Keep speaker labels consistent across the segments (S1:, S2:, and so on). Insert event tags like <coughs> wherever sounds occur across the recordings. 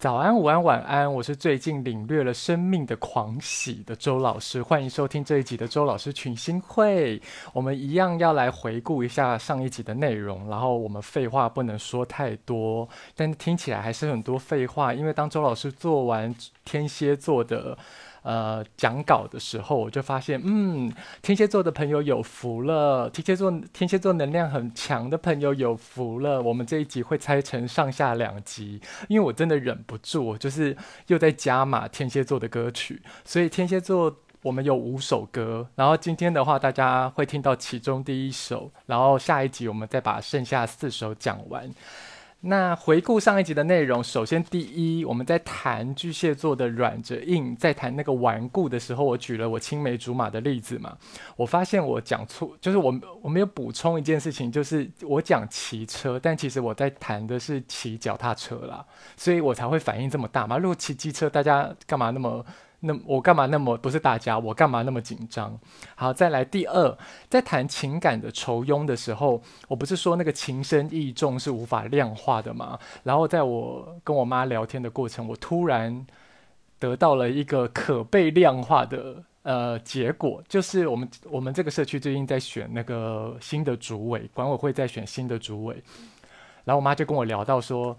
S1: 早安，午安，晚安！我是最近領略了生命的狂喜的周老師，歡迎收聽這一集的周老師群星會。我們一樣要來回顧一下上一集的內容，然後我們廢話不能說太多，但聽起來還是很多廢話，因為當周老師做完天蠍座的。呃，講稿的時候我就發現，嗯，天蠍座的朋友有福了，天蠍座，天蠍座能量很強的朋友有福了。我們這一集會拆成上下兩集，因為我真的忍不住，就是又在加碼天蠍座的歌曲，所以天蠍座我們有五首歌，然後今天的話大家會聽到其中第一首，然後下一集我們再把剩下四首講完。那回顧上一集的內容，首先第一，我們在談巨蟹座的軟着硬，在談那個頑固的時候，我舉了我青梅竹馬的例子嘛。我發現我講錯，就是我我沒有補充一件事情，就是我講騎車，但其實我在談的是騎腳踏車啦，所以我才會反應這麼大嘛。如果騎機車，大家幹嘛那麼？那我幹嘛那麼不是大家？我幹嘛那麼緊張？好，再來第二，在談情感的酬庸的時候，我不是說那個情深意重是無法量化的嗎？然後在我跟我媽聊天的過程，我突然得到了一個可被量化的呃結果，就是我們我們這個社區最近在選那個新的主委，管委會在選新的主委，然後我媽就跟我聊到說，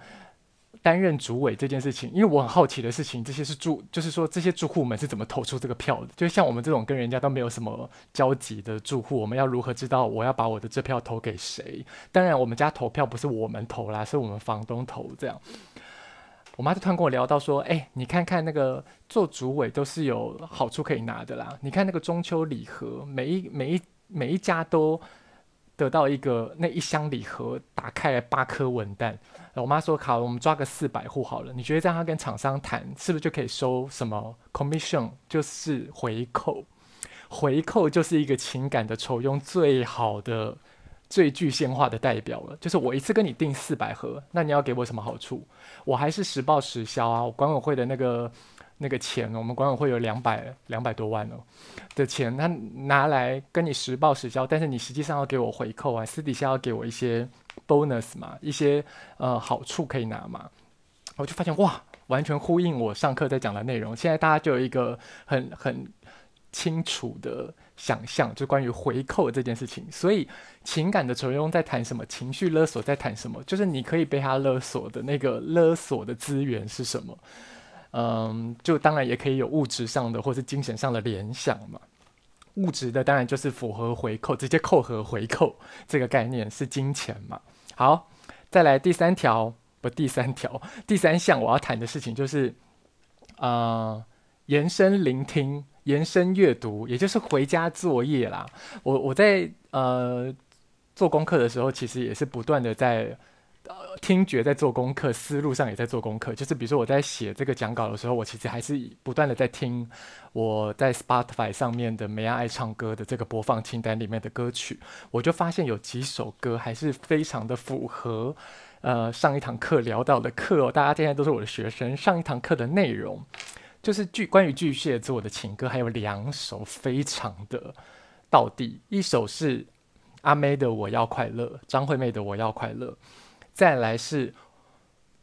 S1: 擔任主委這件事情，因為我很好奇的事情，這些是住，就是說這些住戶們是怎麼投出這個票的？就像我們這種跟人家都沒有什麼交集的住戶，我們要如何知道我要把我的這票投給誰？當然，我們家投票不是我們投啦，是我們房東投。這樣，我媽就突然跟我聊到說：“哎，你看看那個做主委都是有好處可以拿的啦，你看那個中秋禮盒，每一每一每一家都。”得到一個那一箱禮盒，打開了八顆文旦。我媽說：“好，我們抓個四百戶好了。你覺得讓他跟廠商談，是不是就可以收什麼 commission，就是回扣？回扣就是一個情感的酬庸，最好的、最具現化的代表了。就是我一次跟你訂四百盒，那你要給我什麼好處？我還是實報實銷啊。我管委會的那個。”那個錢呢，我們管委會有兩百兩百多萬哦的錢，他拿來跟你實報實銷，但是你實際上要給我回扣啊，私底下要給我一些 bonus 嘛，一些呃好處可以拿嘛，我就發現哇，完全呼應我上課在講的內容，現在大家就有一個很很清楚的想象，就關於回扣這件事情。所以情感的作用在談什麼，情緒勒索在談什麼，就是你可以被他勒索的那個勒索的資源是什麼。嗯，就當然也可以有物質上的或是精神上的聯想嘛。物質的當然就是符合回扣，直接扣合回扣這個概念是金錢嘛。好，再來第三條不第三條，第三條第三項我要談的事情就是，啊、呃，延伸聆聽、延伸閱讀，也就是回家作業啦。我我在呃做功課的時候，其實也是不斷的在。聽覺在做功課，思路上也在做功課。就是比如說，我在寫這個講稿的時候，我其實還是不斷的在聽我在 Spotify 上面的《妹仔愛唱歌》的這個播放清單裡面的歌曲。我就發現有幾首歌還是非常的符合，呃，上一堂課聊到的課、哦。大家現在都是我的學生，上一堂課的內容就是巨關於巨蟹座的情歌，還有兩首非常的道地，一首是阿妹的《我要快樂》，張惠妹的《我要快樂》。再來是《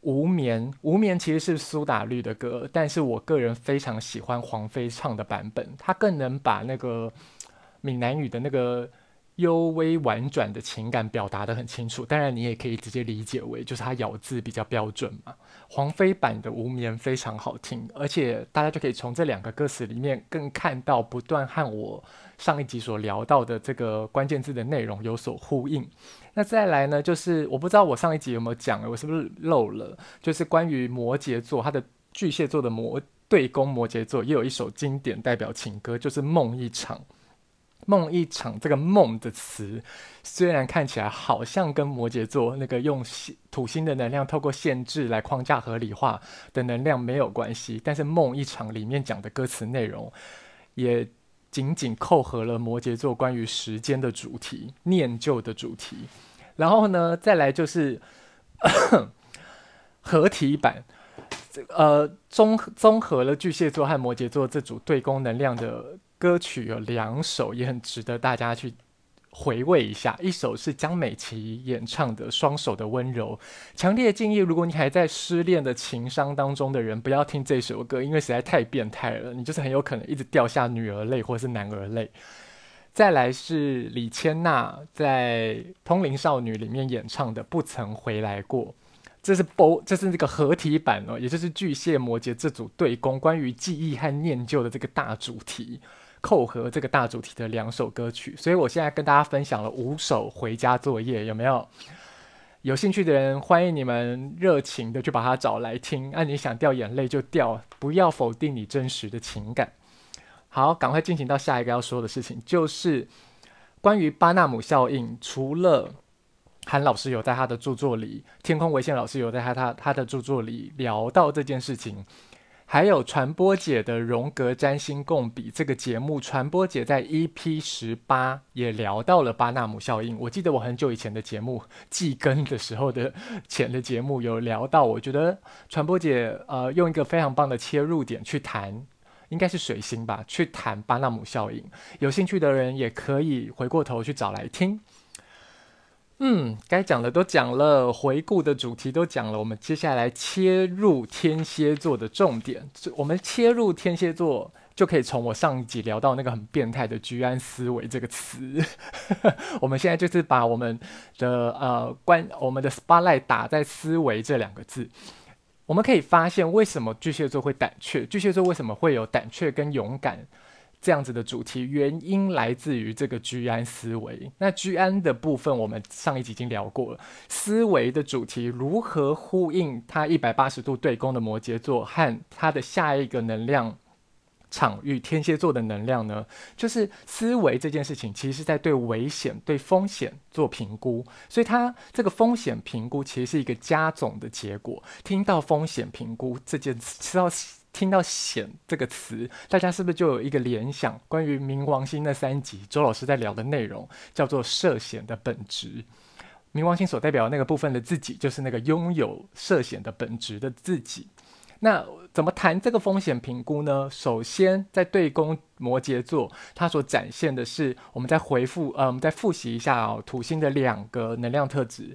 S1: 無眠》，《無眠》其實是蘇打綠的歌，但是我個人非常喜歡黃妃唱的版本，他更能把那個閩南語的那個，幽微婉轉的情感表達得很清楚，當然你也可以直接理解為就是它咬字比較標準嘛。黃妃版的《無眠》非常好聽，而且大家就可以從這兩個歌詞裡面更看到不斷和我上一集所聊到的這個關鍵字的內容有所呼應。那再來呢，就是我不知道我上一集有沒有講了，我是不是漏了，就是關於摩羯座，它的巨蟹座的摩對宮，摩羯座也有一首經典代表情歌，就是《夢一場》。夢一場，這個夢的詞雖然看起來好像跟摩羯座那個用土星的能量透過限制來框架合理化的能量沒有關係，但是夢一場裡面講的歌詞內容也緊緊扣合了摩羯座關於時間的主題、念舊的主題。然後呢，再來就是呵呵合體版，呃綜綜合了巨蟹座和摩羯座這組對宮能量的。歌曲有兩首，也很值得大家去回味一下。一首是江美琪演唱的《雙手的溫柔》，強烈建議如果你還在失戀的情傷當中的人，不要聽這首歌，因為實在太變態了，你就是很有可能一直掉下女兒淚或是男兒淚。再來是李千娜在《通靈少女》裡面演唱的《不曾回來過》，這是包，這是這個合體版哦，也就是巨蟹摩羯這組對攻，關於記憶和念舊的這個大主題。扣合這個大主題的兩首歌曲，所以我現在跟大家分享了五首回家作業，有沒有？有興趣的人，歡迎你們熱情地去把它找來聽。那、啊、你想掉眼淚就掉，不要否定你真實的情感。好，趕快進行到下一個要說的事情，就是關於巴納姆效應。除了韓老師有在他的著作裡，天空為限老師有在他他他的著作裡聊到這件事情。還有傳播姐的《榮格占星共筆》這個節目，傳播姐在 EP 十八也聊到了巴納姆效應。我記得我很久以前的節目季更的時候的前的節目有聊到，我覺得傳播姐呃用一個非常棒的切入點去談，應該是水星吧，去談巴納姆效應。有興趣的人也可以回過頭去找來聽。嗯，該講的都講了，回顧的主題都講了。我們接下來切入天蠍座的重點。我們切入天蠍座，就可以從我上一集聊到那個很變態的“居安思維”這個詞。 <laughs> 我們現在就是把我們的呃關我們的 spotlight 打在“思維”這兩個字。我們可以發現，為什麼巨蟹座會膽怯？巨蟹座為什麼會有膽怯跟勇敢？這樣子的主題原因來自於這個居安思維。那居安的部分，我們上一集已經聊過了。思維的主題如何呼應他一百八十度對攻的摩羯座和他的下一個能量場域天蠍座的能量呢？就是思維這件事情，其實是在對危險、對風險做評估，所以它這個風險評估其實是一個加總的結果。聽到風險評估這件事。息。聽到“險”這個詞，大家是不是就有一個聯想？關於冥王星那三集，周老師在聊的內容叫做“涉險的本質”。冥王星所代表的那個部分的自己，就是那個擁有涉險的本質的自己。那怎麼談這個風險評估呢？首先，在對宮摩羯座，它所展現的是，我們再回復，呃，我們再複習一下啊、哦，土星的兩個能量特質。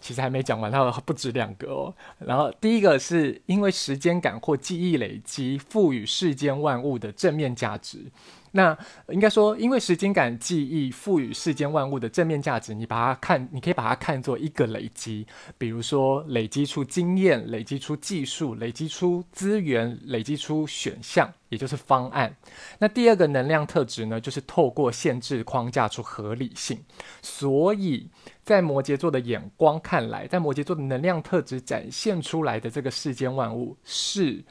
S1: 其實還沒講完，它不止兩個哦。然後第一個是因為時間感或記憶累積，賦予世間萬物的正面價值。那應該說，因為時間感記憶賦予世間萬物的正面價值，你把它看，你可以把它看作一個累積，比如說累積出經驗，累積出技術，累積出資源，累積出選項，也就是方案。那第二個能量特質呢，就是透過限制框架出合理性。所以在摩羯座的眼光看來，在摩羯座的能量特質展現出來的這個世間萬物是。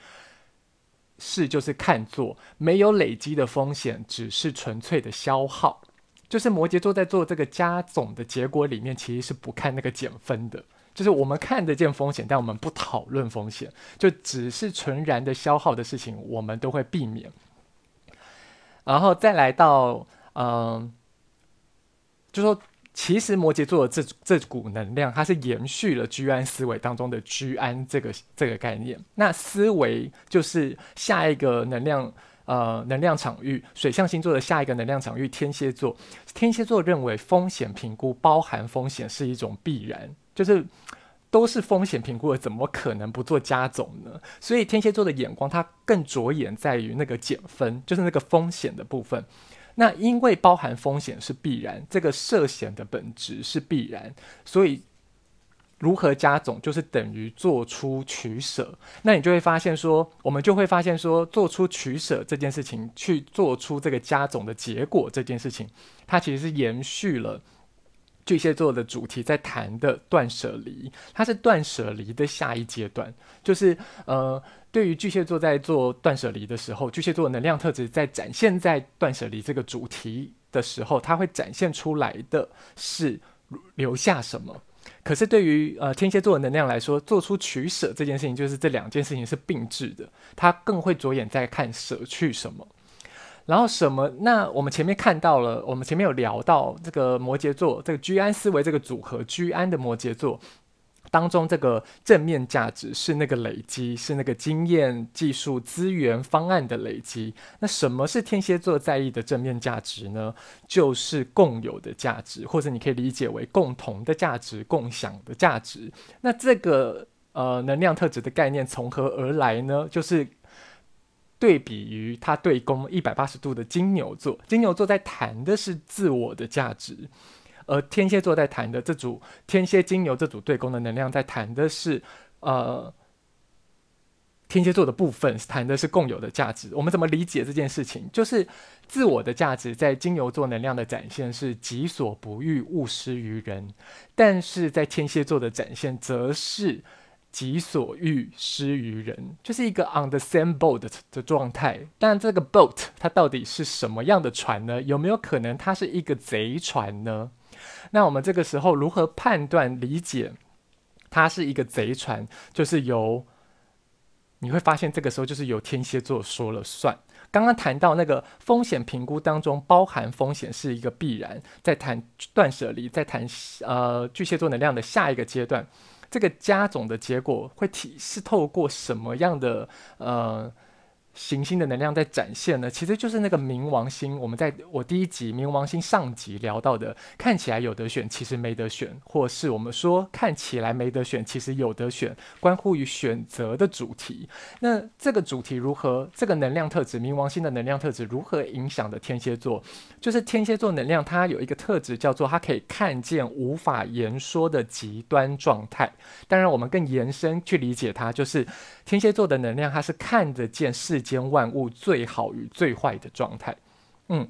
S1: 是，就是看做沒有累積的風險，只是純粹的消耗。就是摩羯座在做這個加總的結果裡面，其實是不看那個減分的。就是我們看得見風險，但我們不討論風險，就只是純然的消耗的事情，我們都會避免。然後再來到，嗯，就說。其實摩羯座的這這股能量，它是延續了居安思危當中的居安這個這個概念。那思危就是下一個能量，呃，能量場域，水象星座的下一個能量場域天蠍座。天蠍座認為風險評估包含風險是一種必然，就是都是風險評估的，怎麼可能不做加總呢？所以天蠍座的眼光，它更着眼在於那個減分，就是那個風險的部分。那因為包含風險是必然，這個涉險的本質是必然，所以如何加總就是等於做出取捨。那你就會發現說，我們就會發現說，做出取捨這件事情，去做出這個加總的結果這件事情，它其實是延續了。巨蟹座的主題在談的斷捨離，它是斷捨離的下一階段，就是呃，對於巨蟹座在做斷捨離的時候，巨蟹座能量特質在展現在斷捨離這個主題的時候，它會展現出來的是留下什麼。可是對於呃天蠍座的能量來說，做出取舍這件事情，就是這兩件事情是並置的，它更會着眼在看舍去什麼。然後什麼？那我們前面看到了，我們前面有聊到這個摩羯座，這個居安思危這個組合，居安的摩羯座當中，這個正面價值是那個累積，是那個經驗、技術、資源、方案的累積。那什麼是天蠍座在意的正面價值呢？就是共有的價值，或者你可以理解為共同的價值、共享的價值。那這個呃能量特質的概念從何而來呢？就是。對比於他對宮一百八十度的金牛座，金牛座在談的是自我的價值，而天蠍座在談的這組天蠍金牛這組對宮的能量在談的是，呃，天蠍座的部分談的是共有的價值。我們怎麼理解這件事情？就是自我的價值在金牛座能量的展現是“己所不欲，勿施於人”，但是在天蠍座的展現則是。己所欲施於人，就是一個 on the same boat 的狀態。但這個 boat 它到底是什麼樣的船呢？有沒有可能它是一個賊船呢？那我們這個時候如何判斷理解它是一個賊船？就是由你會發現，這個時候就是由天蠍座說了算。剛剛談到那個風險評估當中，包含風險是一個必然。在談斷捨離，在談呃巨蟹座能量的下一個階段。這個加總的結果會體是透過什麼樣的呃？行星的能量在展現呢，其實就是那個冥王星。我們在我第一集冥王星上集聊到的，看起來有得選，其實沒得選；或是我們說看起來沒得選，其實有得選，關乎於選擇的主題。那這個主題如何？這個能量特質，冥王星的能量特質如何影響的天蠍座？就是天蠍座能量，它有一個特質叫做它可以看見無法言說的極端狀態。當然，我們更延伸去理解它，就是天蠍座的能量，它是看得見世界間萬物最好與最壞的狀態，嗯，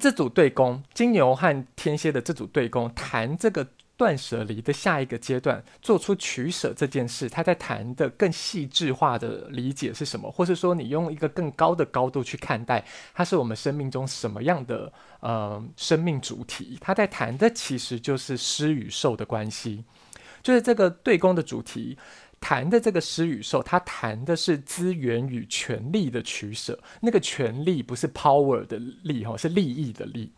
S1: 這組對宮金牛和天蠍的這組對宮談這個斷舍離的下一個階段，做出取舍這件事，他在談的更細緻化的理解是什麼？或是說你用一個更高的高度去看待，它是我們生命中什麼樣的呃生命主題？他在談的其實就是施與受的關係，就是這個對宮的主題。談的這個詩與受，他談的是資源與權利的取捨。那個權利不是 power 的力哦，是利益的利。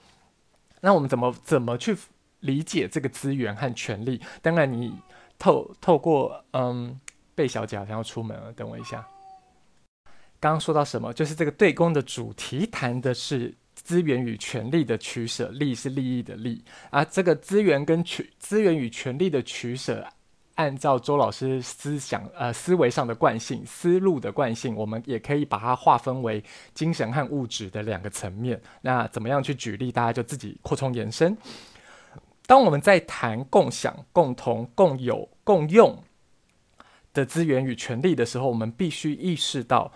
S1: 那我們怎麼怎麼去理解這個資源和權利？當然，你透透過嗯，貝小姐好像要出門了，等我一下。剛剛說到什麼？就是這個對宮的主題談的是資源與權利的取捨，利是利益的利啊。這個資源跟取資源與權利的取捨按照周老師思想，呃，思維上的慣性，思路的慣性，我們也可以把它劃分為精神和物質的兩個層面。那怎麼樣去舉例？大家就自己擴充延伸。當我們在談共享、共同、共有、共用的資源與權利的時候，我們必須意識到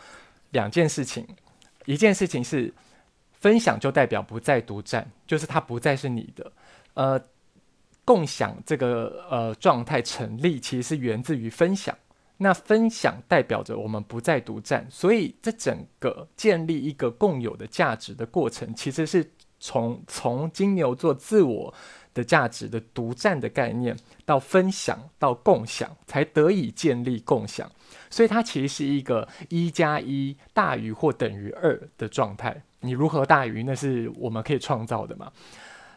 S1: 兩件事情：一件事情是分享就代表不再獨佔，就是它不再是你的，呃。共享這個呃狀態成立，其實是源自於分享。那分享代表着我們不再獨佔，所以這整個建立一個共有的價值的過程，其實是從從金牛座自我的價值的獨佔的概念到分享到共享，才得以建立共享。所以它其實是一個一加一大於或等於二的狀態。你如何大於？那是我們可以創造的嘛？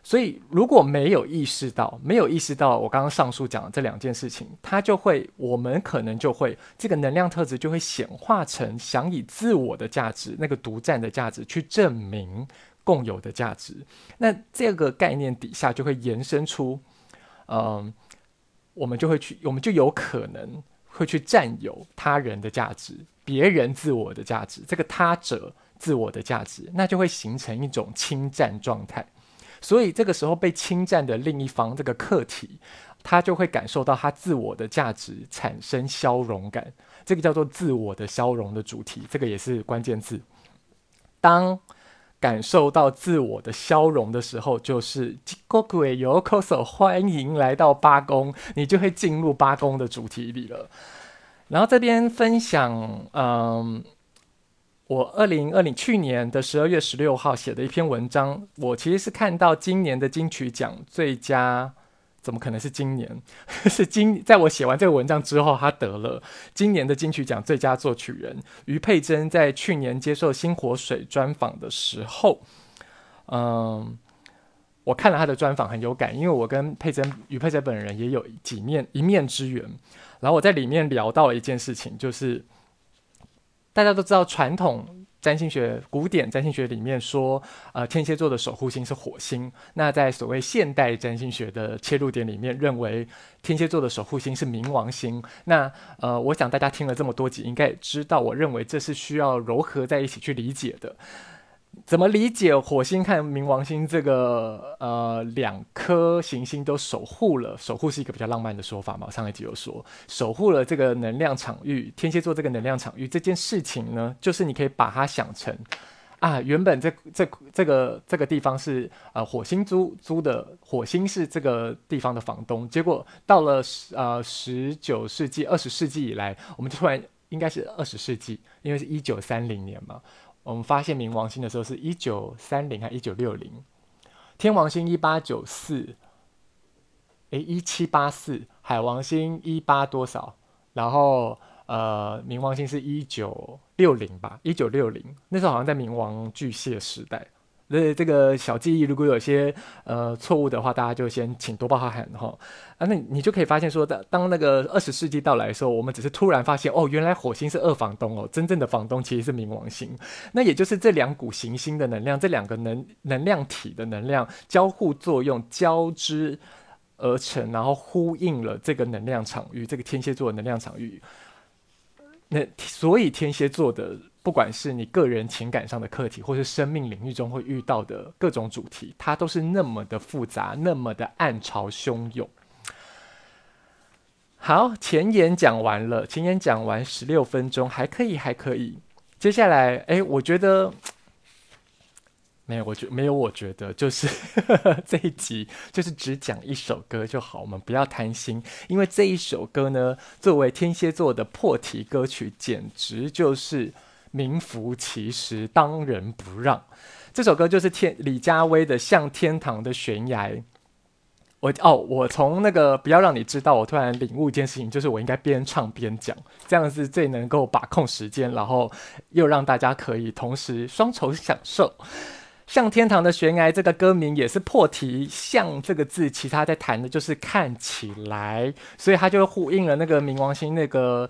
S1: 所以，如果沒有意識到，沒有意識到我剛剛上述講的這兩件事情，他就會，我們可能就會這個能量特質就會顯化成想以自我的價值，那個獨占的價值去證明共有的價值。那這個概念底下就會延伸出，嗯、呃，我們就會去，我們就有可能會去占有他人的價值，別人自我的價值，這個他者自我的價值，那就會形成一種侵占狀態。所以這個時候，被侵占的另一方這個客體，他就會感受到他自我的價值產生消融感，這個叫做自我的消融的主題，這個也是關鍵字。
S2: 當
S1: 感受到自我的消融的時候，就是八宮へようこそ，歡迎來到八宮，你就會進入八宮的主題裡了。然後這邊分享，嗯。我二零二零去年的十二月十六號寫的一篇文章，我其實是看到今年的金曲獎最佳怎麼可能是今年？ <laughs> 是今在我寫完這個文章之後，他得了今年的金曲獎最佳作曲人。余佩真在去年接受《新活水》專訪的時候，嗯，我看了他的專訪很有感，因為我跟佩真余佩真本人也有幾面一面之緣。然後我在裡面聊到了一件事情，就是。大家都知道，傳統占星學、古典占星學裡面說，呃，天蠍座的守護星是火星。那在所謂現代占星學的切入點裡面，認為天蠍座的守護星是冥王星。那呃，我想大家聽了這麼多集，應該也知道，我認為這是需要糅合在一起去理解的。怎麼理解火星和冥王星這個？呃，兩顆行星都守護了，守護是一個比較浪漫的說法嘛。我上一集有說守護了這個能量場域，天蠍座這個能量場域這件事情呢，就是你可以把它想成啊，原本這這這個這個地方是呃火星租租的，火星是這個地方的房東，結果到了十呃十九世紀、二十世紀以來，我們就突然應該是二十世紀，因為是一九三零年嘛。我們發現冥王星的時候是一九三零還一九六零，天王星一八九四，誒一七八四，海王星一八多少，然後呃冥王星是一九六零吧，一九六零那時候好像在冥王巨蟹時代。所以這個小記憶，如果有些呃錯誤的話，大家就先請多包涵哈。啊，那你，你就可以發現說，當當那個二十世紀到來的時候，我們只是突然發現哦，原來火星是二房東哦，真正的房東其實是冥王星。那也就是這兩股行星的能量，這兩個能能量體的能量交互作用交織而成，然後呼應了這個能量場域，這個天蠍座的能量場域。那所以天蠍座的，不管是你個人情感上的課題，或是生命領域中會遇到的各種主題，它都是那麼的複雜，那麼的暗潮洶湧。好，前言講完了，前言講完十六分鐘還可以，還可以。接下來，哎、欸，我覺得沒有，我覺沒有，我覺得，我覺得就是 <laughs> 這一集就是只講一首歌就好，我們不要貪心，因為這一首歌呢，作為天蠍座的破題歌曲，簡直就是。名副其實，當仁不讓。這首歌就是天李佳薇的《像天堂的懸崖》。我哦，我從那個不要讓你知道，我突然領悟一件事情，就是我應該邊唱邊講，這樣子最能夠把控時間，然後又讓大家可以同時雙重享受。 <laughs> 《像天堂的懸崖》這個歌名也是破題，“像”這個字，其實它在談的就是看起來，所以他就呼應了那個冥王星那個。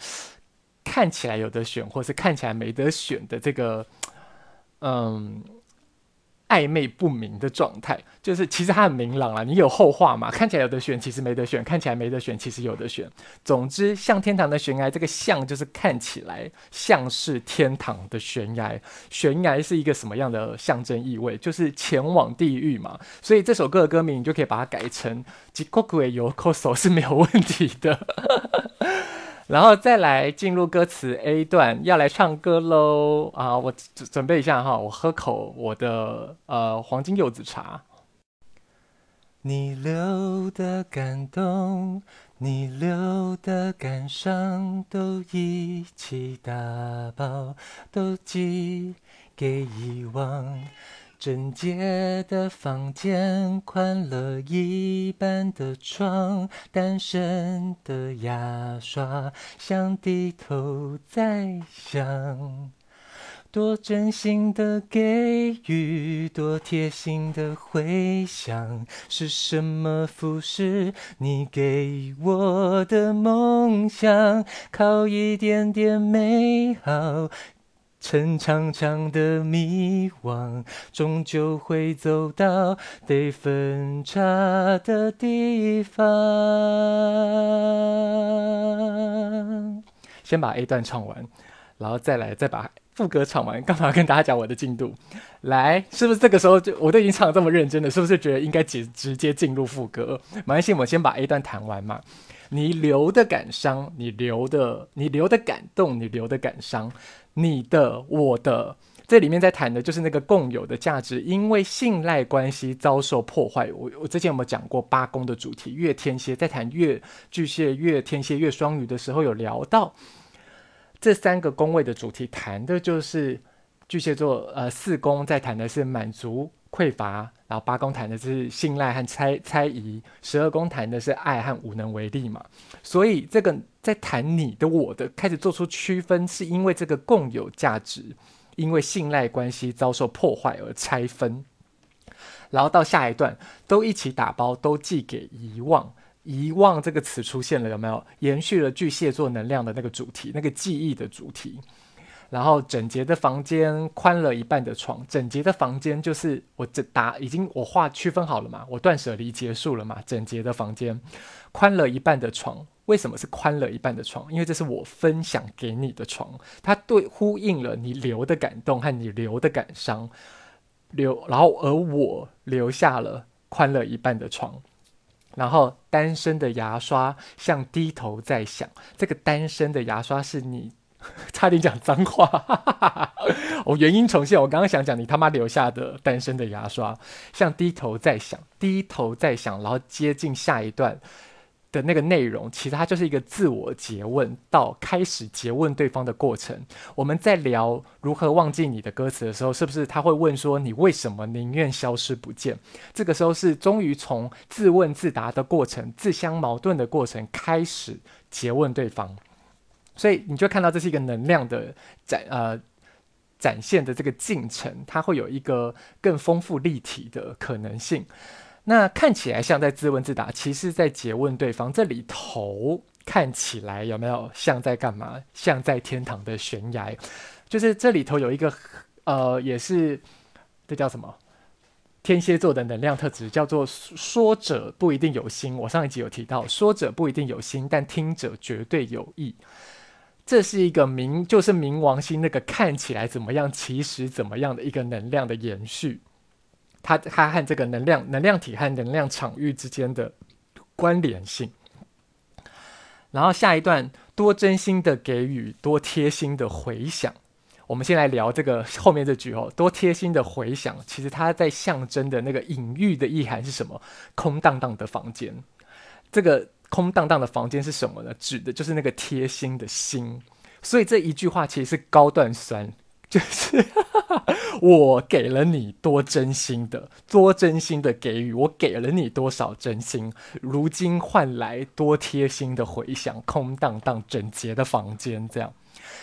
S1: 看起來有得選，或是看起來沒得選的這個，嗯，曖昧不明的狀態，就是其實它很明朗啦。你有後話嘛？看起來有得選，其實沒得選；看起來沒得選，其實有得選。總之，像天堂的懸崖，這個“像”就是看起來像是天堂的懸崖。懸崖是一個什麼樣的象徵意味？就是前往地獄嘛。所以這首歌的歌名，你就可以把它改成《地獄へようこそ》是沒有問題的。 <laughs> 然後再來進入歌詞 A 段，要來唱歌嘍啊！我準備一下哈，我喝口我的呃黃金柚子茶。
S2: 你留的感動，你留的感傷，都一起打包，都寄給遺忘。整潔的房間，寬了一半的床，單身的牙刷，像低頭在想，多真心的給予，多貼心的回想，是什麼腐蝕你給我的夢想？靠一點點美好。陳長長的迷惘，終究會走到被分叉的地方。先把 A 段唱完，
S1: 然後再來再把副歌唱完。幹嘛要跟大家講我的進度？來，是不是這個時候就我都已經唱的這麼認真了？是不是覺得應該直直接進入副歌？沒關係，我先把 A 段彈完嘛。你留的感傷，你留的你留的感動，你留的感傷。你的、我的，這裡面在談的就是那個共有的價值，因為信賴關係遭受破壞。我我之前有沒有講過八宮的主題？月天蠍在談月巨蟹、月天蠍、月雙魚的時候，有聊到這三個宮位的主題，談的就是巨蟹座。呃，四宮在談的是滿足。匱乏，然後八宮談的是信賴和猜猜疑，十二宮談的是愛和無能為力嘛。所以這個在談你的我的開始做出區分，是因為這個共有價值，因為信賴關係遭受破壞而拆分。然後到下一段，都一起打包，都寄給遺忘。遺忘這個詞出現了，有沒有延續了巨蟹座能量的那個主題，那個記憶的主題？然後整潔的房間，寬了一半的床。整潔的房間就是我這打已經我畫區分好了嘛，我斷捨離結束了嘛。整潔的房間，寬了一半的床。為什麼是寬了一半的床？因為這是我分享給你的床，它對呼應了你留的感動和你留的感傷。留，然後而我留下了寬了一半的床。然後單身的牙刷像低頭在想，這個單身的牙刷是你。 <laughs> 差點講髒話、 <laughs> 哦，我原音重現。我剛剛想講你他媽留下的單身的牙刷，像低頭在想，低頭在想，然後接近下一段的那個內容，其實它就是一個自我詰問到開始詰問對方的過程。我們在聊如何忘記你的歌詞的時候，是不是他會問說你為什麼寧願消失不見？這個時候是終於從自問自答的過程、自相矛盾的過程開始詰問對方。所以你就看到這是一個能量的展，呃，展現的這個進程，它會有一個更豐富立體的可能性。那看起來像在自問自答，其實在詰問對方。這裡頭看起來有沒有像在幹嘛？像在天堂的懸崖，就是這裡頭有一個，呃，也是這叫什麼？天蠍座的能量特質叫做說者不一定有心。我上一集有提到，說者不一定有心，但聽者絕對有意。這是一個冥，就是冥王星那個看起來怎麼樣，其實怎麼樣的一個能量的延續，它它和這個能量能量體和能量場域之間的關聯性。然後下一段，多真心的給予，多貼心的回響。我們先來聊這個後面這句哦，多貼心的回響，其實它在象徵的那個隱喻的意涵是什麼？空蕩蕩的房間，這個。空蕩蕩的房間是什麼呢？指的就是那個貼心的心，所以這一句話其實是高段酸，就是 <laughs> 我給了你多真心的，多真心的給予，我給了你多少真心，如今換來多貼心的回響。空蕩蕩、整潔的房間，這樣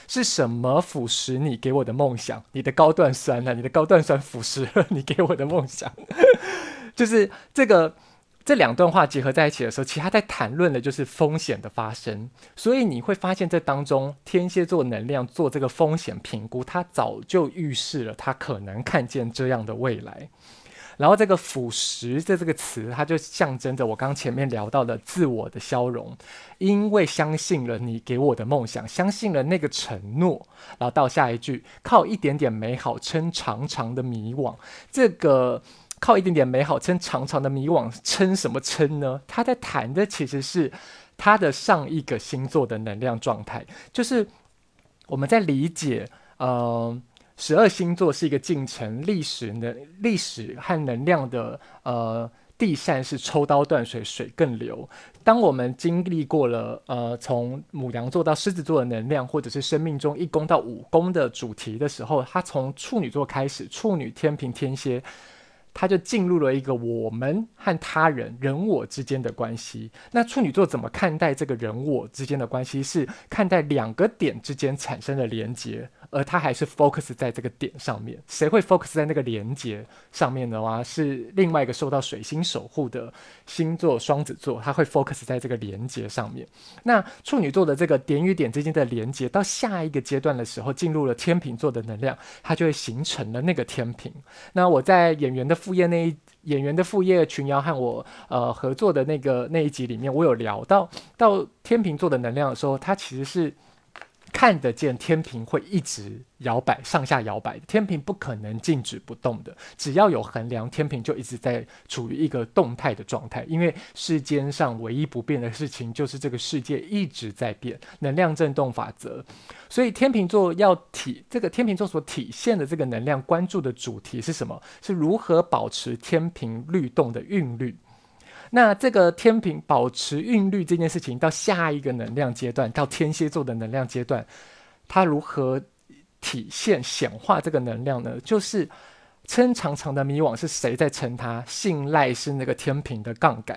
S1: 是什麼腐蝕你給我的夢想？你的高段酸呢、啊？你的高段酸腐蝕了你給我的夢想， <laughs> 就是這個。這兩段話結合在一起的時候，其實他在談論的就是風險的發生。所以你會發現，這當中天蠍座能量做這個風險評估，他早就預示了他可能看見這樣的未來。然後這個腐蝕的這，這個詞，它就象徵着我剛前面聊到的自我的消融，因為相信了你給我的夢想，相信了那個承諾。然後到下一句，靠一點點美好撐長長的迷惘，這個。靠一點點美好撐長長的迷惘，撐什麼撐呢？他在談的其實是他的上一個星座的能量狀態，就是我們在理解呃十二星座是一個進程、歷史能歷史和能量的呃遞嬗，是抽刀斷水，水更流。當我們經歷過了呃從牡羊座到獅子座的能量，或者是生命中一宮到五宮的主題的時候，他從處女座開始，處女、天秤、天蠍。他就進入了一個我們和他人，人我之間的關係。那處女座怎麼看待這個人我之間的關係？是看待兩個點之間產生的連接。而它還是 focus 在這個點上面，誰會 focus 在那個連接上面的話，是另外一個受到水星守護的星座——雙子座，它會 focus 在這個連接上面。那處女座的這個點與點之間的連接，到下一個階段的時候，進入了天秤座的能量，它就會形成了那個天平。那我在演員的副業那一演員的副業群聊和我呃合作的那個那一集裡面，我有聊到到，到天秤座的能量的時候，它其實是。看得見天平會一直搖擺，上下搖擺，天平不可能靜止不動的。只要有衡量，天平就一直在處於一個動態的狀態。因為世間上唯一不變的事情，就是這個世界一直在變，能量振動法則。所以天平座要體這個天平座所體現的這個能量，關注的主題是什麼？是如何保持天平律動的韻律？那這個天秤，保持韻律這件事情，到下一個能量階段，到天蠍座的能量階段，它如何體現顯化這個能量呢？就是撐長長的迷惘是誰在撐它？信賴是那個天秤的槓桿，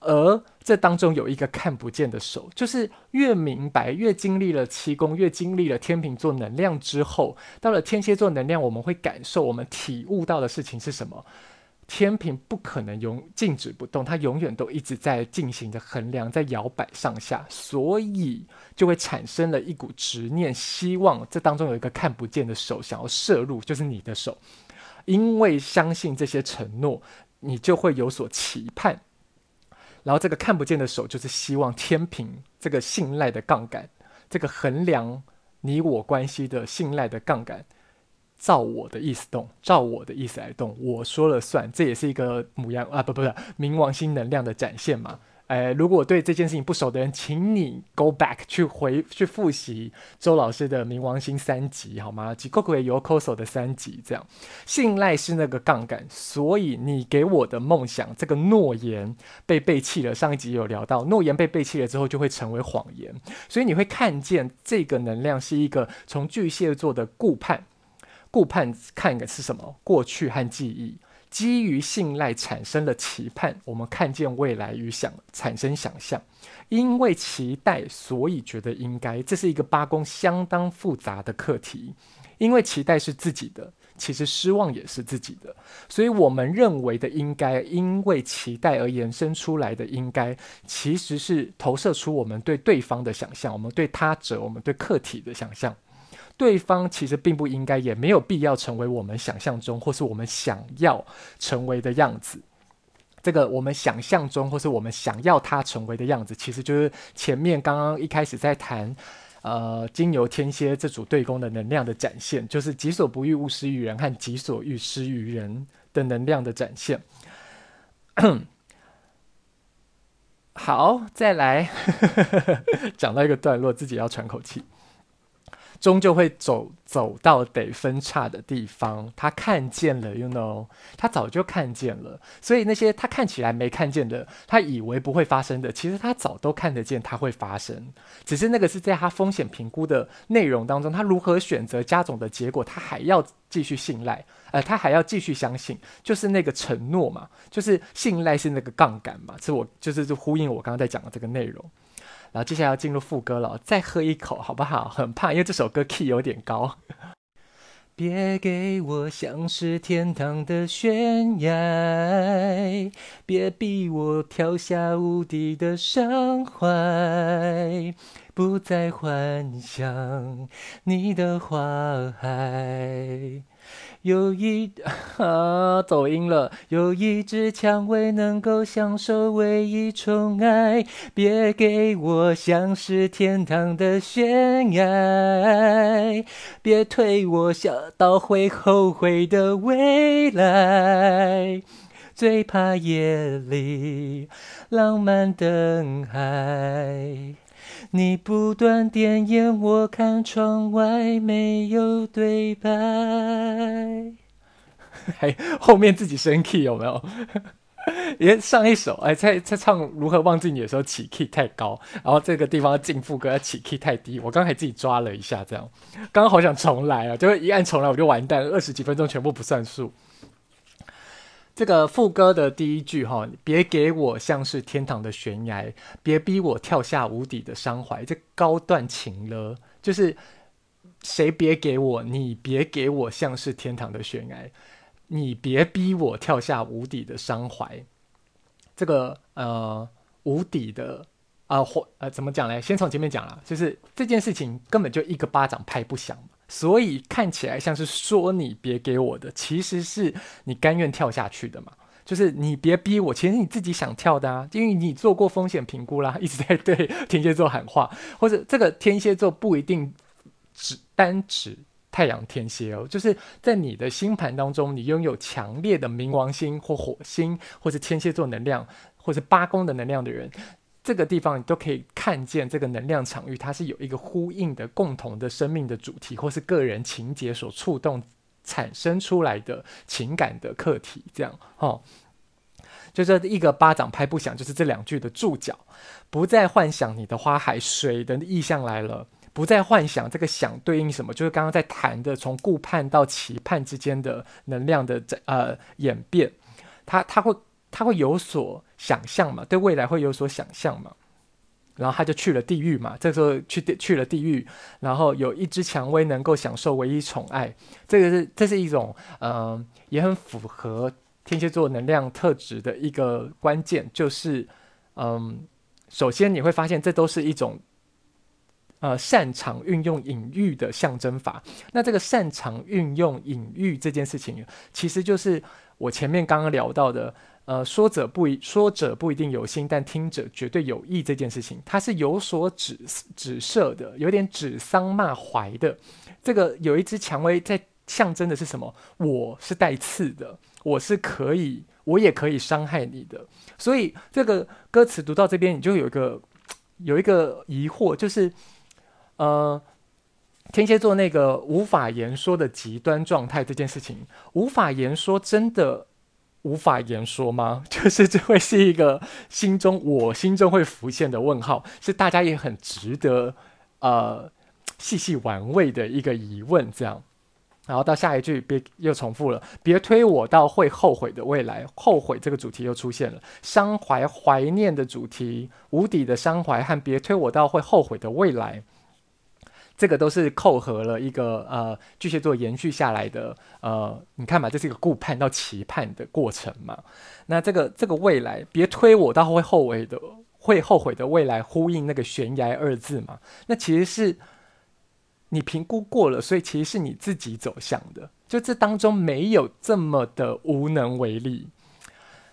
S1: 而這當中有一個看不見的手，就是越明白，越經歷了七宮，越經歷了天秤座能量之後，到了天蠍座能量，我們會感受，我們體悟到的事情是什麼？天平不可能永靜止不動，它永遠都一直在進行着衡量，在搖擺上下，所以就會產生了一股執念，希望這當中有一個看不見的手想要攝入，就是你的手，因為相信這些承諾，你就會有所期盼，然後這個看不見的手就是希望天平這個信賴的槓桿，這個衡量你我關係的信賴的槓桿。照我的意思動，照我的意思來動，我說了算。這也是一個模樣啊，不不是冥王星能量的展現嘛？誒、呃，如果對這件事情不熟的人，請你 go back 去回去複習周老師的冥王星三集，好嗎？及 Coco 的三集，這樣。信賴是那個槓桿，所以你給我的夢想這個諾言被背棄了。上一集有聊到，諾言被背棄了之後就會成為謊言，所以你會看見這個能量是一個從巨蟹座的顧盼。顧盼看的是什麼？過去和記憶基於信賴產生了期盼，我們看見未來與想產生想象。因為期待，所以覺得應該。這是一個八宮相當複雜的課題。因為期待是自己的，其實失望也是自己的。所以我們認為的應該，因為期待而延伸出來的應該，其實是投射出我們對對方的想象，我們對他者，我們對客體的想象。對方其實並不應該，也沒有必要成為我們想象中，或是我們想要成為的樣子。這個我們想象中，或是我們想要他成為的樣子，其實就是前面剛剛一開始在談，呃，金牛天蠍這組對宮的能量的展現，就是“己所不欲，勿施於人”和“己所欲，施於人”的能量的展現。好，
S2: 再來，
S1: <laughs> 講到一個段落，自己要喘口氣。終究會走走到得分叉的地方，他看見了，You know，他早就看見了。所以那些他看起來沒看見的，他以為不會發生的，其實他早都看得見，他會發生。只是那個是在他風險評估的內容當中，他如何選擇加總的結果，他還要繼續信賴，呃，他還要繼續相信，就是那個承諾嘛，就是信賴是那個槓桿嘛，是我就是就呼應我剛剛在講的這個內容。接下來要進入副歌了，再喝一口好不好？很怕，因為這首歌 key 有點高。
S2: 別給我像是天堂的懸崖，別逼我跳下無底的傷懷，不再幻想你的花海。有一啊，走音了。有一支薔薇能夠享受唯一寵愛，別給我像是天堂的懸崖，別推我下到會後悔的未來。最怕夜裡浪漫燈海。你不斷點煙，我看窗外沒有對白。嘿，後
S1: 面自己生 k 有沒有？上一首、欸、在在唱如何忘記你的時候起氣太高，然後這個地方進副歌起 k 太低，我剛才自己抓了一下，這樣剛剛好，想重來啊，就是一按重來我就完蛋，二十幾分鐘全部不算數。這個副歌的第一句哈、哦，別給我像是天堂的懸崖，別逼我跳下無底的傷懷，這高段情了，就是誰別給我，你別給我像是天堂的懸崖，你別逼我跳下無底的傷懷。這個呃無底的啊或呃，呃怎麼講呢？先從前面講啦，就是這件事情根本就一個巴掌拍不響嘛。所以看起來像是說你別給我的，其實是你甘願跳下去的嘛。就是你別逼我，其實你自己想跳的啊，因為你做過風險評估啦，一直在對天蠍座喊話，或者這個天蠍座不一定只單指太陽天蠍哦，就是在你的星盤當中，你擁有強烈的冥王星或火星，或是天蠍座能量，或是八宮的能量的人。這個地方你都可以看見這個能量場域，它是有一個呼應的共同的生命的主題，或是個人情節所觸動產生出來的情感的課題，這樣哈、哦。就這一個巴掌拍不響，就是這兩句的注腳。不再幻想你的花海、水的意象來了，不再幻想這個想對應什麼，就是剛剛在談的從顧盼到期盼之間的能量的呃演變，它它會它會有所。想象嘛，對未來會有所想象嘛，然後他就去了地獄嘛，這個時候去地去了地獄，然後有一隻薔薇能夠享受唯一寵愛。這個是這是一種，嗯、呃，也很符合天蠍座能量特質的一個關鍵，就是，嗯、呃，首先你會發現，這都是一種，呃，擅長運用隱喻的象徵法。那這個擅長運用隱喻這件事情，其實就是我前面剛剛聊到的。呃，說者不一，說者不一定有心，但聽者絕對有意。這件事情，它是有所指指涉的，有點指桑罵槐的。這個有一支薔薇在象徵的是什麼？我是帶刺的，我是可以，我也可以傷害你的。所以這個歌詞讀到這邊，你就有一個有一個疑惑，就是呃，天蠍座那個無法言說的極端狀態這件事情，無法言說真的。無法言說嗎？就是這會是一個心中，我心中會浮現的問號，是大家也很值得呃細細玩味的一個疑問。這樣，然後到下一句別又重複了，別推我到會後悔的未來，後悔這個主題又出現了，傷懷、懷念的主題，無底的傷懷和別推我到會後悔的未來。這個都是扣合了一個呃巨蟹座延續下來的呃，你看嘛，這是一個顧盼到期盼的過程嘛。那這個這個未來，別推我，到會後悔的，會後悔的未來，呼應那個懸崖二字嘛。那其實是你評估過了，所以其實是你自己走向的。就這當中沒有這麼的無能為力，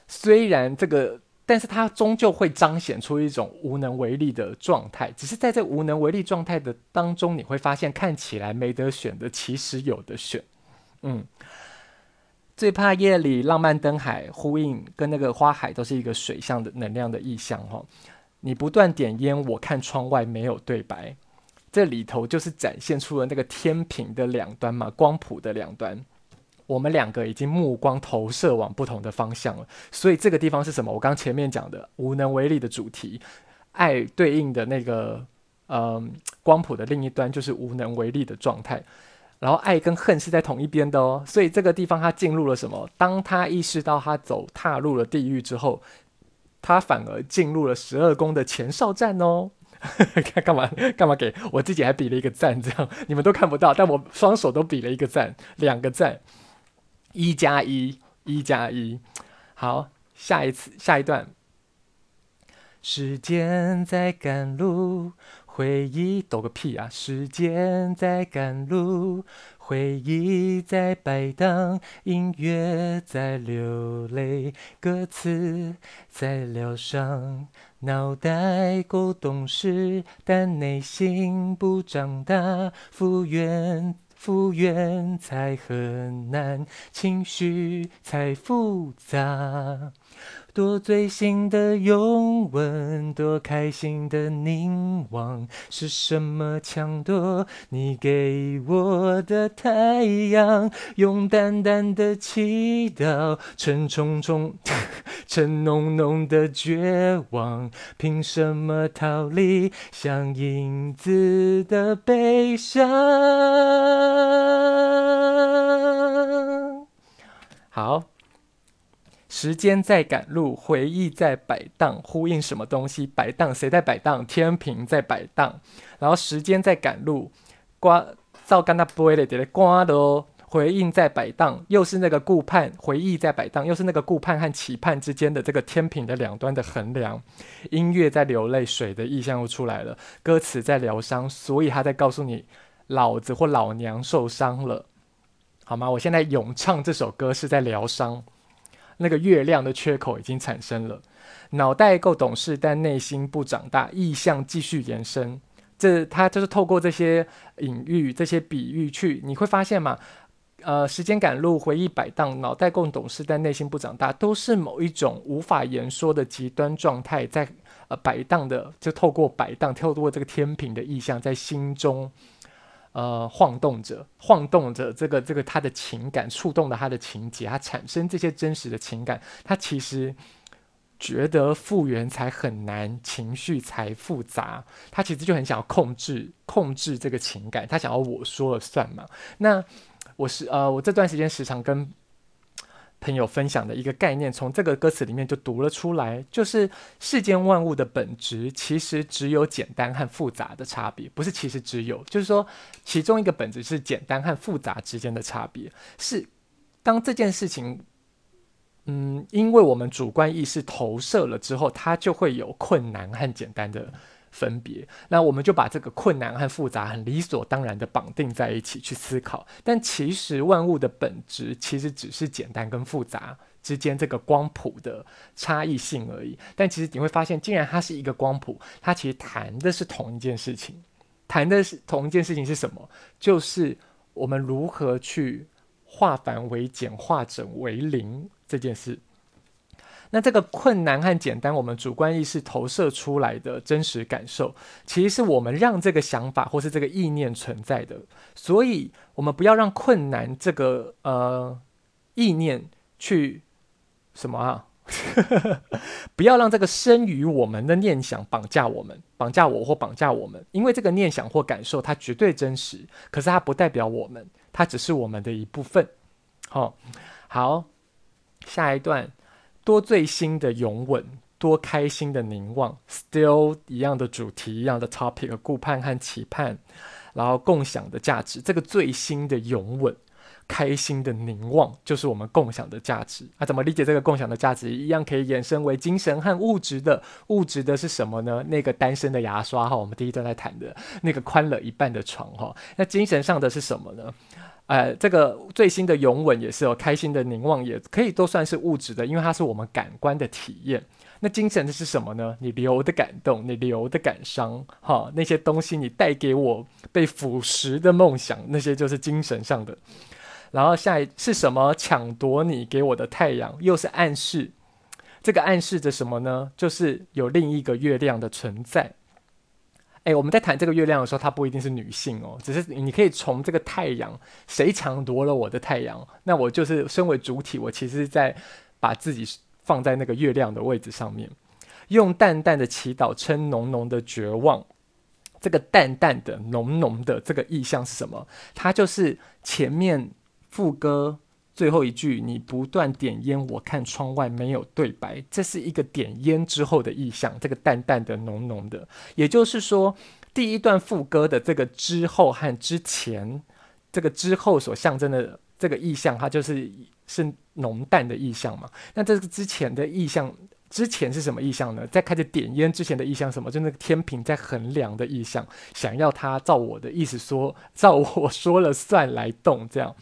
S1: 雖然這個。但是它終究會彰顯出一種無能為力的狀態，只是在這無能為力狀態的當中，你會發現看起來沒得選的，其實有得選。嗯，最怕夜裡浪漫燈海呼應，跟那個花海都是一個水象的能量的意象哈、哦。你不斷點菸，我看窗外沒有對白，這裡頭就是展現出了那個天平的兩端嘛，光譜的兩端。我們兩個已經目光投射往不同的方向了，所以這個地方是什麼？我剛前面講的無能為力的主題，愛對應的那個嗯、呃、光譜的另一端就是無能為力的狀態。然後愛跟恨是在同一邊的哦，所以這個地方他進入了什麼？當他意識到他走踏入了地獄之後，他反而進入了十二宮的前哨站哦。 <laughs> 幹，幹嘛，幹嘛給我自己還比了一個讚，這樣你們都看不到，但我雙手都比了一個讚，兩個讚。一加一，一加一，好，下一次，下一段。時間
S2: 在趕路，回憶懂個屁啊！時間在趕路，回憶在擺盪，音樂在流淚，歌詞在療傷。腦袋夠懂事，但內心不長大，復原。復原才很難，情緒才複雜。多醉心的擁吻，多開心的凝望，是什麼搶奪你給我的太陽？用淡淡的祈禱，成重重，成濃濃的絕望。憑什麼逃離像影子的悲傷？好，
S1: 時間在趕路，回憶在擺盪，呼應什麼東西？擺盪，誰在擺盪？天平在擺盪，然後時間在趕路，刮照干那播的對刮的哦，回憶在擺盪，又是那個顧盼，回憶在擺盪，又是那個顧盼和期盼之間的這個天平的兩端的衡量。音樂在流淚，水的意象又出來了，歌詞在療傷，所以他在告訴你，老子或老娘受傷了。好嗎？我現在詠唱這首歌是在療傷，那個月亮的缺口已經產生了。腦袋夠懂事，但內心不長大，意象繼續延伸。這它就是透過這些隱喻、這些比喻去，你會發現嘛？呃，時間趕路，回憶擺盪，腦袋夠懂事，但內心不長大，都是某一種無法言說的極端狀態在呃擺盪的。就透過擺盪，透過這個天平的意象，在心中。呃，晃動着，晃動着，這個，這個他的情感觸動了他的情節，他產生這些真實的情感，他其實覺得復原才很難，情緒才複雜，他其實就很想要控制，控制這個情感，他想要我說了算嘛？那我是呃，我這段時間時常跟。朋友分享的一個概念，從這個歌詞裡面就讀了出來，就是世間萬物的本質其實只有簡單和複雜的差別，不是其實只有，就是說其中一個本質是簡單和複雜之間的差別，是當這件事情，
S2: 嗯，
S1: 因為我們主觀意識投射了之後，它就會有困難和簡單的。分別，那我們就把這個困難和複雜很理所當然的綁定在一起去思考。但其實萬物的本質其實只是簡單跟複雜之間這個光譜的差異性而已。但其實你會發現，既然它是一個光譜，它其實談的是同一件事情，談的是同一件事情是什麼？就是我們如何去化繁為簡、化整為零這件事。那這個困難和簡單，我們主觀意識投射出來的真實感受，其實是我們讓這個想法或是這個意念存在的。所以，我們不要讓困難這個呃意念去什麼啊？ <laughs> 不要讓這個生於我們的念想綁架我們，綁架我或綁架我們。因為這個念想或感受它絕對真實，可是它不代表我們，它只是我們的一部分。好、哦，好，下一段。多最新的擁吻，多開心的凝望，still 一樣的主題，一樣的 topic，顧盼和期盼，然後共享的價值。這個最新的擁吻，開心的凝望，就是我們共享的價值。那、啊、怎麼理解這個共享的價值？一樣可以衍生為精神和物質的。物質的是什麼呢？那個單身的牙刷哈、哦，我們第一段在談的那個寬了一半的床哈、哦。那精神上的是什麼呢？呃，這個最新的擁吻也是有、哦、開心的凝望也可以都算是物質的，因為它是我們感官的體驗。那精神的是什麼呢？你流的感動，你流的感傷，哈，那些東西你帶給我被腐蝕的夢想，那些就是精神上的。然後下一是什麼？搶奪你給我的太陽，又是暗示。這個暗示着什麼呢？就是有另一個月亮的存在。哎，我們在談這個月亮的時候，它不一定是女性哦，只是你可以從這個太陽，誰搶奪了我的太陽？那我就是身為主體，我其實在把自己放在那個月亮的位置上面，用淡淡的祈禱撐濃濃的絕望。這個淡淡的、濃濃的這個意象是什麼？它就是前面副歌。最後一句，你不斷點煙，我看窗外沒有對白。這是一個點煙之後的意象，這個淡淡的、濃濃的，也就是說，第一段副歌的這個之後和之前，這個之後所象徵的這個意象，它就是是濃淡的意象嘛。那這個之前的意象，之前是什麼意象呢？在開始點煙之前的意象，什麼？就那個天平在衡量的意象，想要它照我的意思說，照我說了算來動這樣。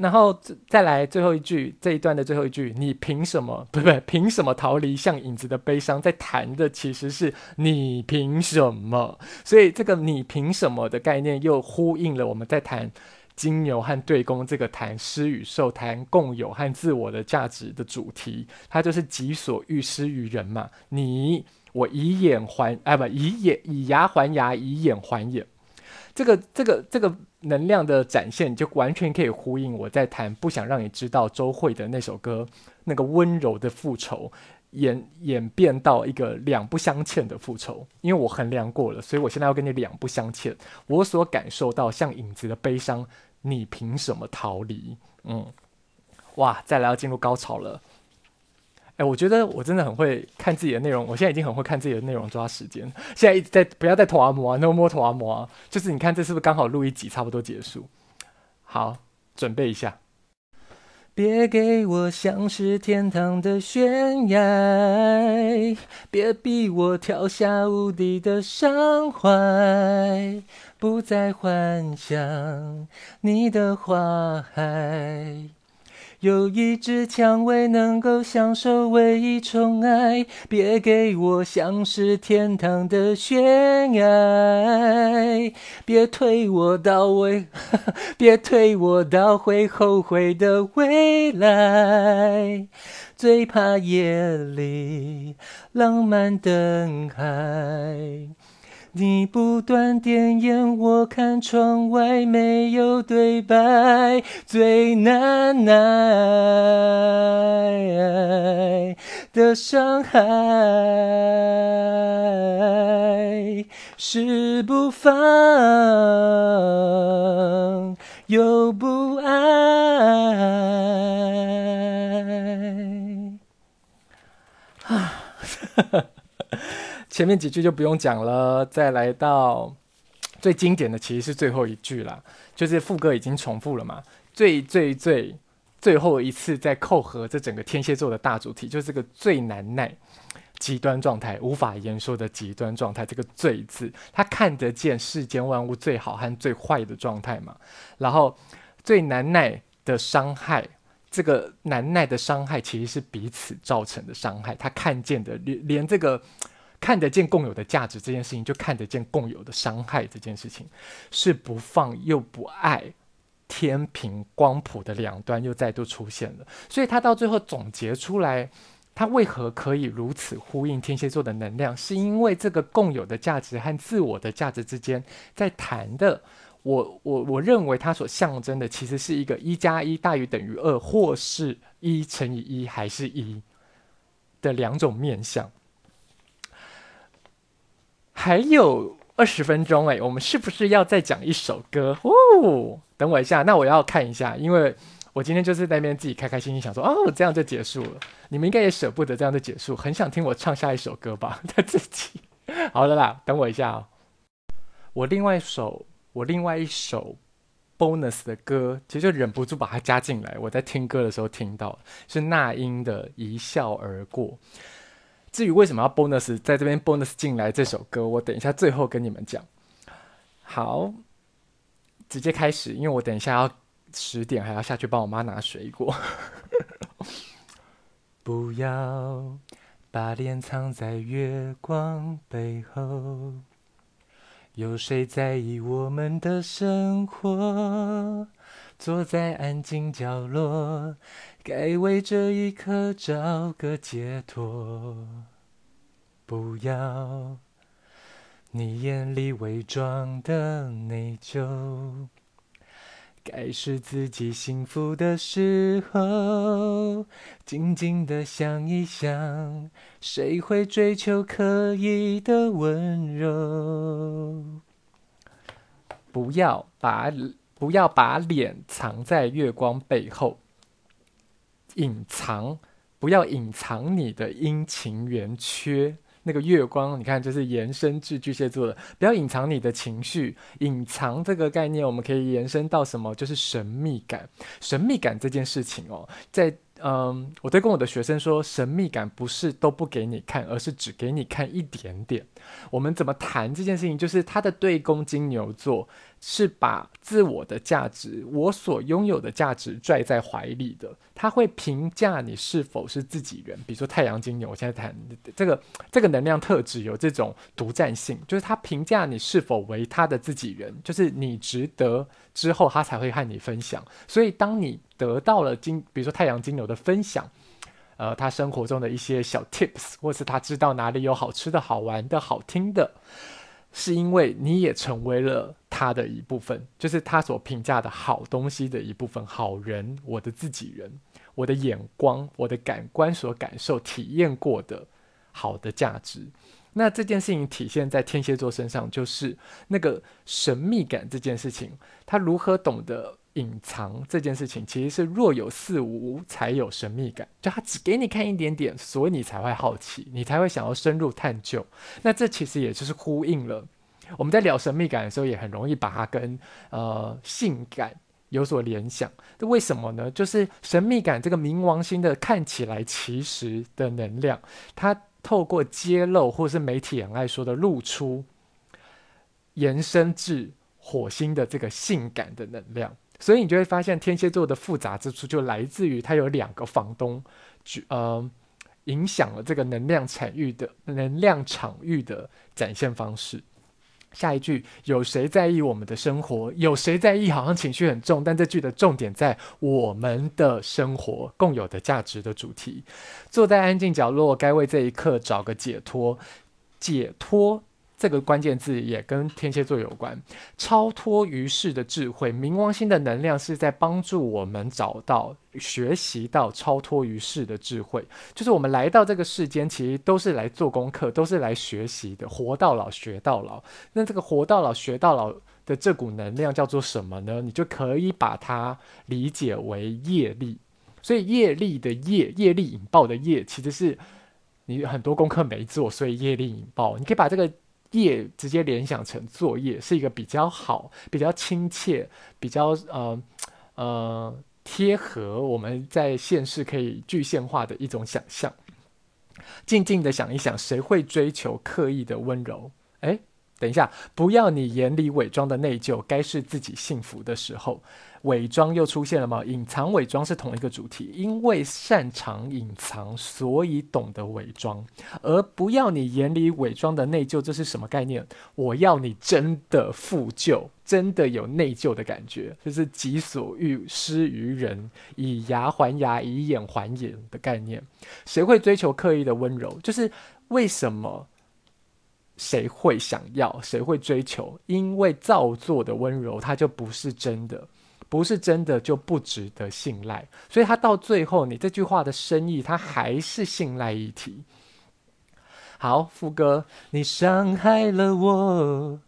S1: 然後再來最後一句，這一段的最後一句，你憑什麼？對不對，憑什麼逃離像影子的悲傷？在談的其實是你憑什麼？所以這個你憑什麼的概念，又呼應了我們在談金牛和對宮這個談施與受、談共有和自我的價值的主題。它就是己所欲施於人嘛。你我以眼還，哎不，以眼以牙還牙，以眼還眼。這個這個這個能量的展現，就完全可以呼應我在談不想讓你知道周蕙的那首歌，那個溫柔的復仇，演演變到一個兩不相欠的復仇，因為我衡量過了，所以我現在要跟你兩不相欠。我所感受到像影子的悲傷，你憑什麼逃離？嗯，哇，再來要進入高潮了。哎、欸，我覺得我真的很會看自己的內容。我現在已經很會看自己的內容，抓時間。現在一直在，不要再拖啊磨啊，no more 拖啊磨啊。就是你看，這是不是剛好錄一集，差不多結束？好，準備一下。
S2: 別給我像是天堂的懸崖，別逼我跳下無底的傷懷。不再幻想你的花海。有一支薔薇能夠享受唯一寵愛，別給我像是天堂的懸崖，別推我到未呵呵，別推我到會後悔的未來，最怕夜裡浪漫燈海。你不斷點煙，我看窗外，沒有對白，最難耐的傷害是不放又不愛。 <laughs>
S1: 前面幾句就不用講了，再來到最經典的其實是最後一句了，就是副歌已經重複了嘛，最最最最後一次再扣合這整個天蠍座的大主題，就是這個最難耐極端狀態，無法言說的極端狀態。這個“最”字，他看得見世間萬物最好和最壞的狀態嘛，然後最難耐的傷害，這個難耐的傷害其實是彼此造成的傷害，他看見的連，連這個。看得見共有的價值這件事情，就看得見共有的傷害這件事情，是不放又不愛，天平光譜的兩端又再度出現了。所以他到最後總結出來，他為何可以如此呼應天蠍座的能量，是因為這個共有的價值和自我的價值之間，在談的，我我我認為他所象徵的其實是一個一加一大於等於二，或是一乘以一還是一的兩種面向。還有二十分鐘哎，我們是不是要再講一首歌？哦，等我一下，那我要看一下，因為我今天就是在那邊自己開開心心想說哦，這樣就結束了，你們應該也捨不得這樣就結束，很想聽我唱下一首歌吧？他自己，好的啦，等我一下、哦，我另外一首，我另外一首 bonus 的歌，其實就忍不住把它加進來。我在聽歌的時候聽到是那英的一笑而過。至於為什麼要 bonus 在這邊 bonus 進來這首歌，我等一下最後跟你們講。好，直接開始，因為我等一下要十點還要下去幫我媽拿水果。
S2: <laughs> 不要把臉藏在月光背後，有誰在意我們的生活？坐在安靜角落，該為這一刻找個解脫。不要你眼裡偽裝的內疚，該是自己幸福的時候。靜靜的想一想，誰會追求刻意的溫柔？不要把。不
S1: 要把臉藏在月光背後，隱藏，不要隱藏你的陰晴圓缺。那個月光，你看，就是延伸至巨蟹座的。不要隱藏你的情緒，隱藏這個概念，我們可以延伸到什麼？就是神秘感。神秘感這件事情哦，在。嗯，我在跟我的學生說，神秘感不是都不給你看，而是只給你看一點點。我們怎麼談這件事情？就是他的對宮金牛座是把自我的價值、我所擁有的價值拽在懷裡的，他會評價你是否是自己人。比如說太陽金牛，我現在談這個這個能量特質有這種獨占性，就是他評價你是否為他的自己人，就是你值得。之後他才會和你分享，所以當你得到了金，比如說太陽金牛的分享，呃，他生活中的一些小 tips，或是他知道哪裡有好吃的、好玩的、好聽的，是因為你也成為了他的一部分，就是他所評價的好東西的一部分，好人，我的自己人，我的眼光，我的感官所感受、體驗過的好的價值。那這件事情體現在天蠍座身上，就是那個神秘感這件事情，他如何懂得隱藏這件事情，其實是若有似無才有神秘感，就他只給你看一點點，所以你才會好奇，你才會想要深入探究。那這其實也就是呼應了我們在聊神秘感的時候，也很容易把它跟呃性感有所聯想。那為什麼呢？就是神秘感這個冥王星的看起來其實的能量，它。透過揭露，或是媒體人愛說的露出，延伸至火星的這個性感的能量，所以你就會發現天蠍座的複雜之處就來自於它有兩個房東，就呃，影響了這個能量產域的能量場域的展現方式。下一句，有誰在意我們的生活？有誰在意？好像情緒很重，但這句的重點在我們的生活共有的價值的主題。坐在安靜角落，該為這一刻找個解脫。解脫。這個關鍵字也跟天蠍座有關，超脫於世的智慧，冥王星的能量是在幫助我們找到、學習到超脫於世的智慧。就是我們來到這個世間，其實都是來做功課，都是來學習的。活到老，學到老。那這個活到老，學到老的這股能量叫做什麼呢？你就可以把它理解為業力。所以業力的業，業力引爆的業，其實是你很多功課沒做，所以業力引爆。你可以把這個。業直接聯想成作業，是一個比較好、比較親切、比較呃呃貼合我們在現實可以具現化的一種想象。靜靜的想一想，誰會追求刻意的溫柔？哎。等一下，不要你眼裡偽裝的內疚，該是自己幸福的時候，偽裝又出現了嗎？隱藏偽裝是同一個主題，因為擅長隱藏，所以懂得偽裝，而不要你眼裡偽裝的內疚，這是什麼概念？我要你真的負疚，真的有內疚的感覺，就是己所欲施於人，以牙還牙，以眼還眼的概念。誰會追求刻意的溫柔？就是為什麼？誰會想要？誰會追求？因為造作的溫柔，它就不是真的，不是真的就不值得信賴。所以，他到最後，你這句話的深意，他
S2: 還是信賴一體。好，副歌，你傷害了我，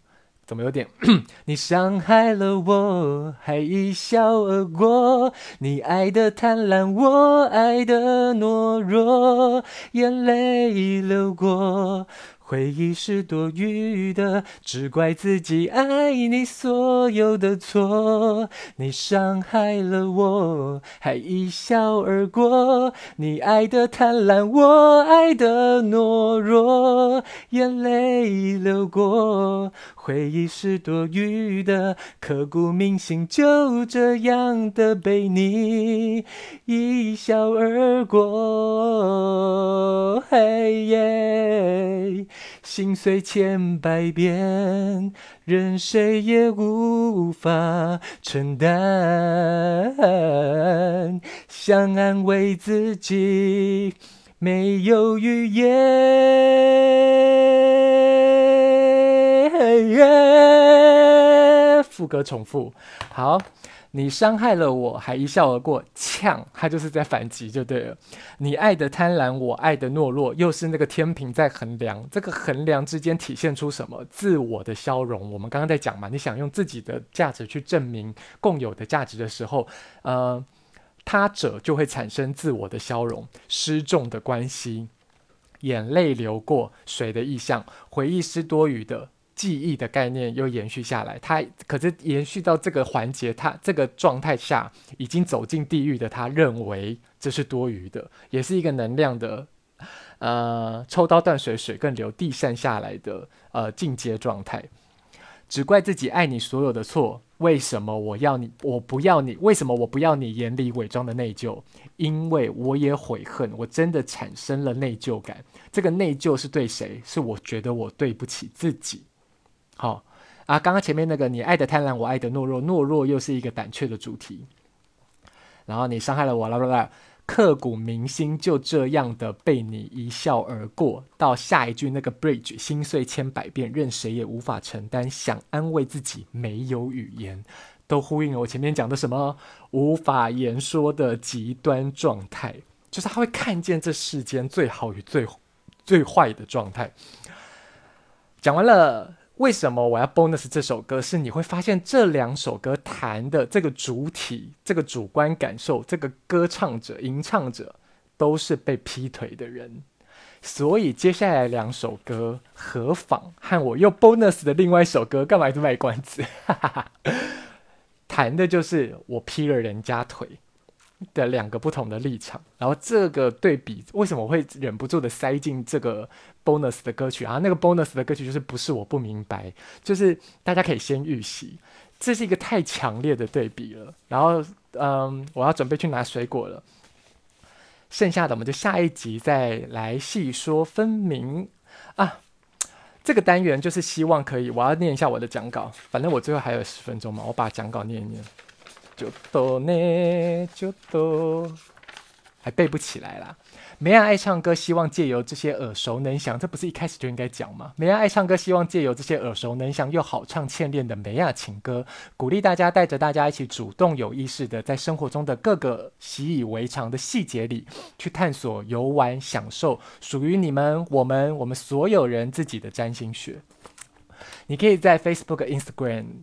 S2: 怎麼有點？ <coughs> 你傷害了我，還一笑而過。你愛的貪婪，我愛的懦弱，眼淚流過，回憶是多餘的，只怪自己愛你所有的錯。你傷害了我，還一笑而過。你愛的貪婪，我愛的懦弱，眼淚流過。回憶是多餘的，刻骨銘心就這樣的被你一笑而過。嘿耶。心碎千百遍，任誰也無法承擔。想安慰自己，沒有語言。嘿耶，副歌重複，好。
S1: 你傷害了我，還一笑而過，嗆，他就是在反擊，就對了。你愛的貪婪，我愛的懦弱，又是那個天平在衡量，這個衡量之間體現出什麼？自我的消融。我們剛剛在講嘛，你想用自己的價值去證明共有的價值的時候，呃，他者就會產生自我的消融、失重的關係。眼淚流過水的意象，回憶是多餘的。記憶的概念又延續下來，他可是延續到這個環節，他這個狀態下已經走進地獄的，他認為這是多餘的，也是一個能量的，呃，抽刀斷水，水更流，地散下來的呃進階狀態。只怪自己愛你所有的錯，為什麼我要你，我不要你？為什麼我不要你眼裡偽裝的內疚？因為我也悔恨，我真的產生了內疚感。這個內疚是對誰？是我覺得我對不起自己。好、哦、啊，剛剛前面那個你愛的貪婪，我愛的懦弱，懦弱又是一個膽怯的主題。然後你傷害了我，啦啦啦，刻骨銘心就這樣的被你一笑而過。到下一句那個 bridge，心碎千百遍，任誰也無法承擔。想安慰自己，沒有語言，都呼應了我前面講的什麼無法言說的極端狀態，就是他會看見這世間最好與最最壞的狀態。講完了。為什麼我要 bonus 這首歌？是你會發現這兩首歌彈的這個主體、這個主觀感受、這個歌唱者、吟唱者都是被劈腿的人。所以接下來兩首歌何妨和我又 bonus 的另外一首歌，幹嘛就賣關子？彈 <laughs> 的就是我劈了人家腿。的兩個不同的立場，然後這個對比為什麼我會忍不住的塞進這個 bonus 的歌曲啊？那個 bonus 的歌曲就是不是我不明白，就是大家可以先預習，這是一個太強烈的對比了。然後，嗯，我要準備去拿水果了，剩下的我們就下一集再來細說分明啊。這個單元就是希望可以，我要念一下我的講稿，反正我最後還有十分鐘嘛，我把講稿念一念。就多呢，就多，還背不起來啦。妹仔愛唱歌，希望借由這些耳熟能詳，這不是一開始就應該講嗎？
S2: 妹仔愛唱歌，希
S1: 望借由這些耳熟能詳又好唱、欠練的妹仔情歌，鼓勵大家帶着大家一起主動、有意識的，在生活中的各個習以為常的細節裡，去探索、遊玩、享受屬於你們、我們、我們所有人自己的占星學。你可以在 Facebook、Instagram。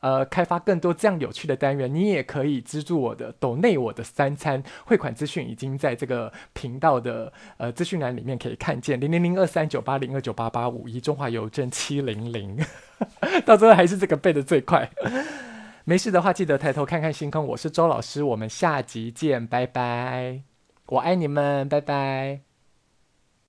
S1: 呃，開發更多這樣有趣的單元，你也可以資助我的“抖內我的三餐”。匯款資訊已經在這個頻道的呃資訊欄裡面可以看見：零零零二三九八零二九八八五一，中華郵政七零零。到最後還是這個背得最快。沒事的話，記得抬頭看看星空。我是周老師，我們下集見，拜拜。我愛你們，拜拜。